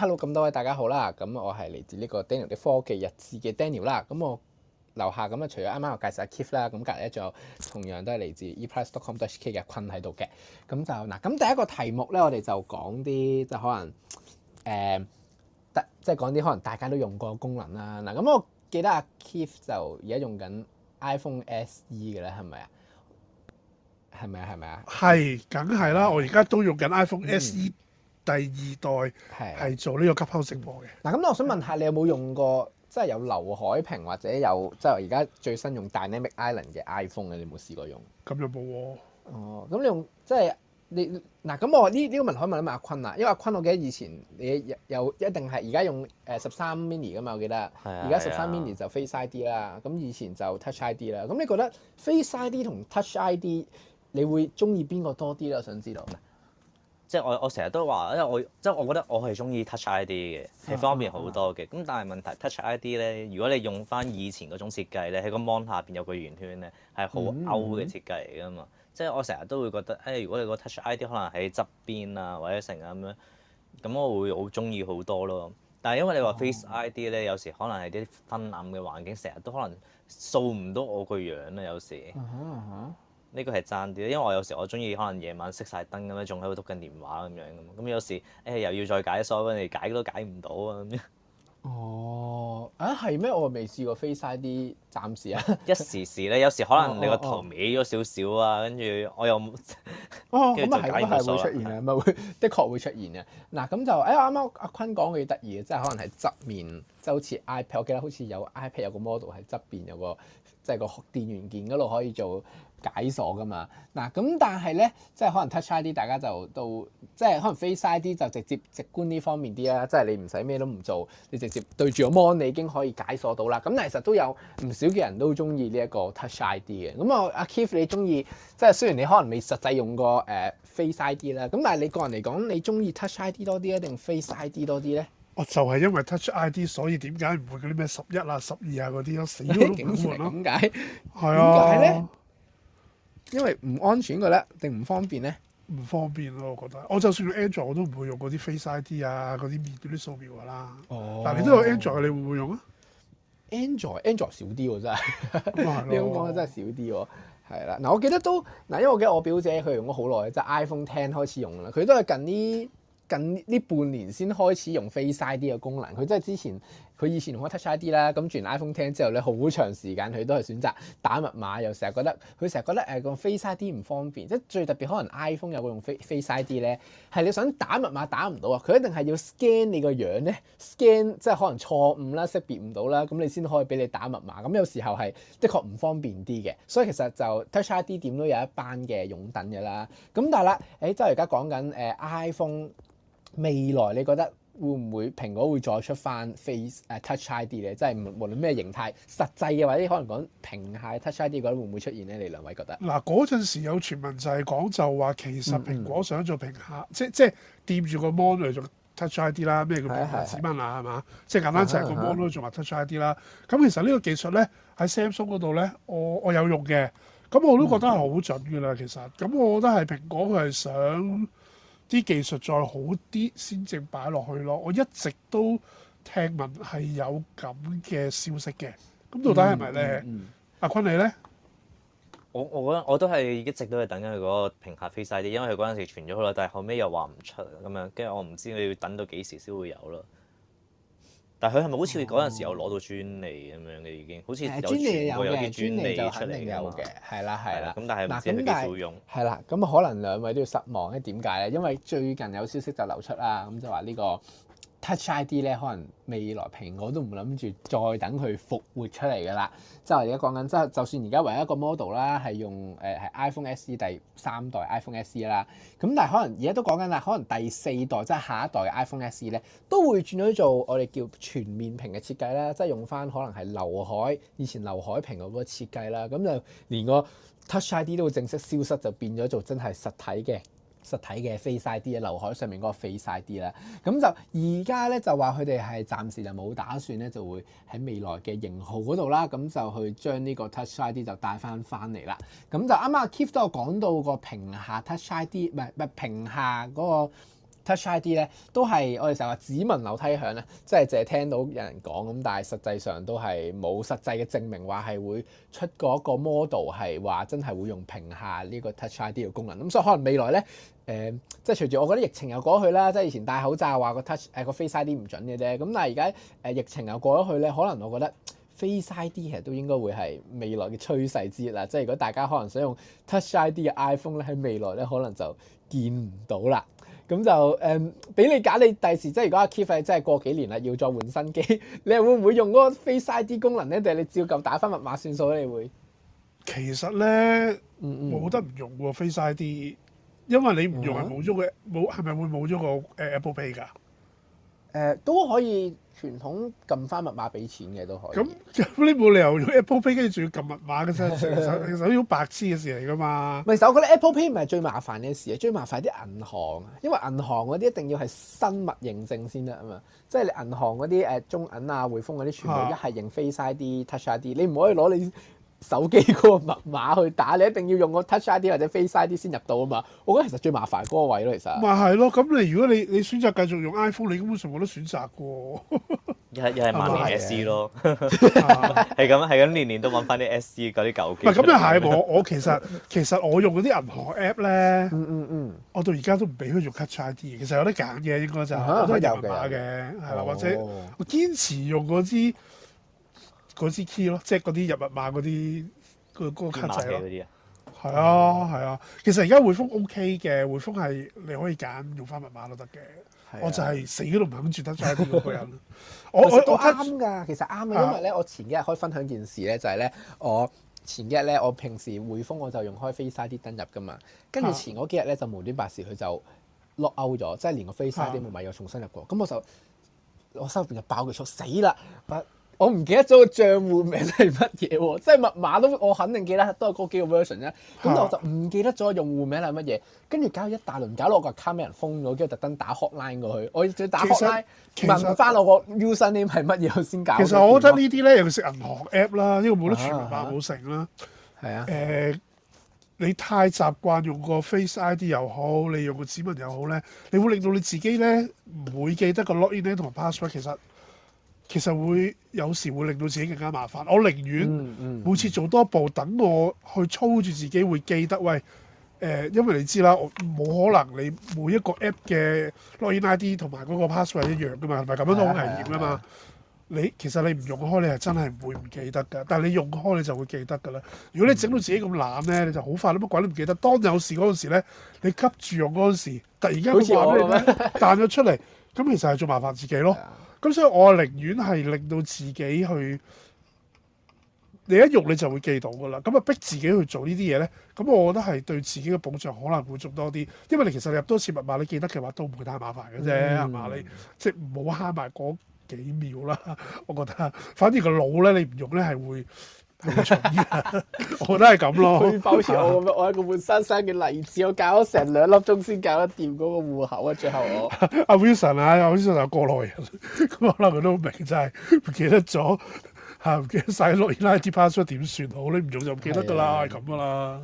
hello，咁多位大家好啦，咁我係嚟自呢個 Daniel 嘅科技日誌嘅 Daniel 啦，咁我樓下咁啊，除咗啱啱我介紹阿 Kif 啦，咁隔籬咧仲有同樣都係嚟自 eplus.com-k d a s h 嘅坤喺度嘅，咁就嗱，咁第一個題目咧，我哋就講啲就可能誒、欸，即係講啲可能大家都用過嘅功能啦。嗱，咁我記得阿 Kif 就而家用緊 iPhone SE 嘅咧，係咪啊？係咪啊？係咪啊？係，梗係啦，我而家都用緊 iPhone SE。嗯。第二代係做呢個急速直播嘅。嗱，咁我想問，問下，你有冇用過即係有劉海屏或者有即係而家最新用 Dynamic Island 嘅 iPhone 咧？你有冇試過用？咁有冇喎。哦，咁你用即係你嗱，咁我呢呢、呢個問可以咗問阿坤啊。因為阿坤，我記得以前你有一定係而家用誒十三 mini 噶嘛，我記得。而家十三 mini 就 Face ID 啦，咁 以前就 Touch ID 啦。咁你覺得 Face ID 同 Touch ID，你會中意邊個多啲，我想知道。即係我我成日都話，因為我即係我覺得我係中意 Touch ID 嘅，係方便好多嘅。咁但係問題 Touch ID 咧，如果你用翻以前嗰種設計咧，喺個 mon 下邊有個圓圈咧，係好 out 嘅設計嚟噶嘛。Uh huh. 即係我成日都會覺得，誒、哎、如果你個 Touch ID 可能喺側邊啊，或者成日咁樣，咁我會好中意好多咯。但係因為你話 Face ID 咧，有時可能係啲昏暗嘅環境，成日都可能掃唔到我個樣啊，有時。Uh huh. uh huh. 呢個係爭啲，因為我有時我中意可能夜晚熄晒燈咁樣，仲喺度篤緊電話咁樣咁，咁有時誒、哎、又要再解鎖，跟住解都解唔到啊！咁樣哦，啊係咩？我未試過 Face ID 暫時啊， 一時時咧，有時可能你個頭歪咗少少啊，跟住我又哦，咁啊係都係會出現啊，咪會的確會出現啊。嗱咁、嗯、就誒，我啱啱阿坤講嘅得意嘅，即係可能係側面，就好似 iPad，我記得好似有 iPad 有個 model 喺側邊有個。即係個電源鍵嗰度可以做解鎖㗎嘛，嗱、啊、咁但係咧，即係可能 touch ID 大家就到，即係可能 face ID 就直接直觀呢方面啲啦，即係你唔使咩都唔做，你直接對住個 mon 你已經可以解鎖到啦。咁其實都有唔少嘅人都中意呢一個 touch ID 嘅。咁啊，阿 Keith 你中意，即係雖然你可能未實際用過誒、呃、face ID 啦，咁但係你個人嚟講，你中意 touch ID 多啲啊，定 face ID 多啲咧？我就係因為 Touch ID，所以點解唔會嗰啲咩十一啊、十二啊嗰啲，咯死咯，點解？係啊，點解咧？ 因為唔安全嘅咧，定唔方便咧？唔方便咯，我覺得。我就算 Android 我都唔會用嗰啲 Face ID 啊，嗰啲面啲掃描噶啦。哦。Oh. 但你都有 Android，你會唔會用啊？Android，Android 少啲喎，真係。 你咁講真係少啲喎。係啦，嗱，我記得都嗱，因為我記得我表姐佢用咗好耐，即係 iPhone Ten 開始用啦。佢都係近呢，近呢半年先開始用 Face ID 嘅功能，佢真係之前佢以前用 Touch ID 啦，咁轉 iPhone 聽之後咧，好長時間佢都係選擇打密碼，又成日覺得佢成日覺得誒個 Face ID 唔方便。即係最特別可能 iPhone 有個用 Face ID 咧，係你想打密碼打唔到啊，佢一定係要 scan 你個樣咧，scan 即係可能錯誤啦，識別唔到啦，咁你先可以俾你打密碼，咁有時候係的確唔方便啲嘅，所以其實就 Touch ID 點都有一班嘅擁躉嘅啦。咁但係啦，誒即係而家講緊誒 iPhone。未來你覺得會唔會蘋果會再出翻 Face 誒 Touch ID 咧？即、就、係、是、無論咩形態，實際嘅或者可能講屏下 Touch ID 嗰啲會唔會出現咧？你兩位覺得？嗱嗰陣時有傳聞就係講就話其實蘋果想做屏下、嗯嗯，即即係掂住個 mon 嚟做 Touch ID 啦，咩叫屏下指紋啊？係嘛？即係簡單就係個 mon 做埋 Touch ID 啦。咁、嗯、其實呢個技術咧喺 Samsung 嗰度咧，我我有用嘅，咁我都覺得係好準嘅啦。其實咁，我覺得係蘋果佢係想。啲技術再好啲先至擺落去咯。我一直都聽聞係有咁嘅消息嘅。咁到底係咪咧？嗯嗯嗯、阿坤你咧？我我覺得我都係一直都係等緊佢嗰個評核飛曬啲，因為佢嗰陣時傳咗好耐，但係後尾又話唔出咁樣，跟住我唔知佢要等到幾時先會有咯。但佢係咪好似嗰陣時有攞到專利咁樣嘅已經？嗯、好似有專利有嘅，專利就肯定有嘅。係啦，係啦。咁但係唔知佢嘅作用。係啦。咁可能兩位都要失望，因為點解咧？因為最近有消息就流出啦，咁就話呢個 Touch ID 咧，可能未來蘋果都唔諗住再等佢復活出嚟㗎啦。即係我而家講緊，即係就算而家唯一一個 model 啦，係用誒係、呃、iPhone SE 第三代 iPhone SE 啦。咁但係可能而家都講緊啦，可能第四代即係下一代 iPhone SE 咧，都會轉咗做我哋叫全面屏嘅設計啦，即係用翻可能係劉海以前劉海屏嗰個設計啦。咁就連個 Touch ID 都會正式消失，就變咗做真係實體嘅。實體嘅 Face ID，啊，流海上面嗰個 Face ID 啦，咁就而家咧就話佢哋係暫時就冇打算咧，就會喺未來嘅型號嗰度啦，咁就去將呢個 Touch ID 就帶翻翻嚟啦。咁就啱啱阿 Keith 都有講到個屏下 Touch ID，唔係唔係屏下嗰個。Touch ID 咧都係我哋成日話指紋樓梯響咧，即係淨係聽到有人講咁，但係實際上都係冇實際嘅證明話係會出嗰個 model 係話真係會用屏下呢個 Touch ID 嘅功能。咁、嗯、所以可能未來咧，誒、呃、即係隨住我覺得疫情又過去啦，即係以前戴口罩話個 Touch 誒個 Face ID 唔準嘅啫。咁但係而家誒疫情又過咗去咧，可能我覺得 Face ID 其實都應該會係未來嘅趨勢之一啦。即係如果大家可能想用 Touch ID 嘅 iPhone 咧，喺未來咧可能就見唔到啦。咁就誒，俾、嗯、你揀你第時，即係如果阿 Keef 係真係過幾年啦，要再換新機，你係會唔會用嗰個 Face ID 功能咧？定係你照舊打返密碼算數咧？會？其實咧，冇、嗯嗯、得唔用喎 Face ID，因為你唔用係冇咗個冇係咪會冇咗個誒 Apple Pay 㗎？誒、呃、都可以。傳統撳翻密碼俾錢嘅都可以。咁咁你冇理由用 Apple Pay 跟住仲要撳密碼嘅，真係手手機好白痴嘅事嚟噶嘛？唔係，其實 我覺得 Apple Pay 唔係最麻煩嘅事，最麻煩啲銀行啊，因為銀行嗰啲一定要係生物認證先得啊嘛。即係你銀行嗰啲誒中銀啊、匯豐嗰啲全部一係認 Face ID、Touch ID，你唔可以攞你手機嗰個密碼去打，你一定要用個 Touch ID 或者 Face ID 先入到啊嘛。我覺得其實最麻煩嗰個位咯，其實。咪係咯，咁你如果你你選擇繼續用 iPhone，你根本上冇得選擇噶。呵呵又係又係萬年 SE 咯，係咁係咁，年年都揾翻啲 SE 嗰啲舊機。唔係咁又係，我我其實其實我用嗰啲銀行 app 咧，嗯嗯嗯，我到而家都唔俾佢用 Touch ID，其實有得揀嘅應該就、uh huh，我都係入碼嘅，係啦 of.，或者我堅持用嗰支。嗰支 key 咯，即係嗰啲入密碼嗰啲個嗰個卡仔啲啊？係啊係啊，其實而家匯豐 OK 嘅，匯豐係你可以揀用翻密碼都得嘅。啊、我就係死都唔肯住得出嗰個人。 我我我啱㗎，其實啱嘅，因為咧、啊、我前幾日可以分享一件事咧，就係咧我前幾日咧我平時匯豐我就用開 Face ID 登入㗎嘛，跟住前嗰幾日咧就無端白事佢就 lock out 咗，即、就、係、是、連個 Face ID 密碼又重新入過，咁、啊啊啊、我就我心入邊就爆極咗，死啦！我唔記得咗個賬戶名係乜嘢喎？即係密碼都我肯定記得，都係嗰幾個 version 啫。咁我就唔記得咗個用戶名係乜嘢。跟住搞一大輪，搞落個卡 c 俾人封咗，跟住特登打 hotline 過去，我再打 hotline 問翻我個 user name 係乜嘢先搞。其實我覺得呢啲咧尤其係銀行 app 啦，因為冇得全民化冇成啦。係啊。誒，你太習慣用個 face ID 又好，你用個指紋又好咧，你會令到你自己咧唔會記得個 login 同埋 password 其實。其實會有時會令到自己更加麻煩。我寧願每次做多一步，等我去操住自己，會記得。喂，誒、呃，因為你知啦，我冇可能你每一個 app 嘅 login ID 同埋嗰個 password 一樣噶嘛，係咪？咁樣都好危險噶嘛。啊啊、你其實你唔用開，你係真係唔會唔記得噶。但係你用開你就會記得噶啦。如果你整到自己咁懶咧，你就好快乜鬼都唔記得。當有事嗰陣時咧，你急住用嗰陣時，突然間話 彈咗出嚟，咁其實係最麻煩自己咯。咁所以，我寧願係令到自己去，你一用你就會記到噶啦。咁啊，逼自己去做呢啲嘢呢？咁我覺得係對自己嘅保障可能會仲多啲。因為你其實你入多次密碼，你記得嘅話都唔會太麻煩嘅啫，係、嗯、嘛？你即係唔好慳埋嗰幾秒啦。我覺得，反而個腦呢，你唔用呢係會。我得係咁咯。佢包住我咁樣， 我一個換新新嘅例子，我搞咗成兩粒鐘先搞得掂嗰個戶口啊！最後我阿 Wilson 啊，阿 Wilson 係、啊、過來人，咁可能佢都好明，就係、是、記得咗吓，唔、啊、記，記得晒落去 last pass w o r d 點算好，你唔用就唔記得噶啦，係咁噶啦。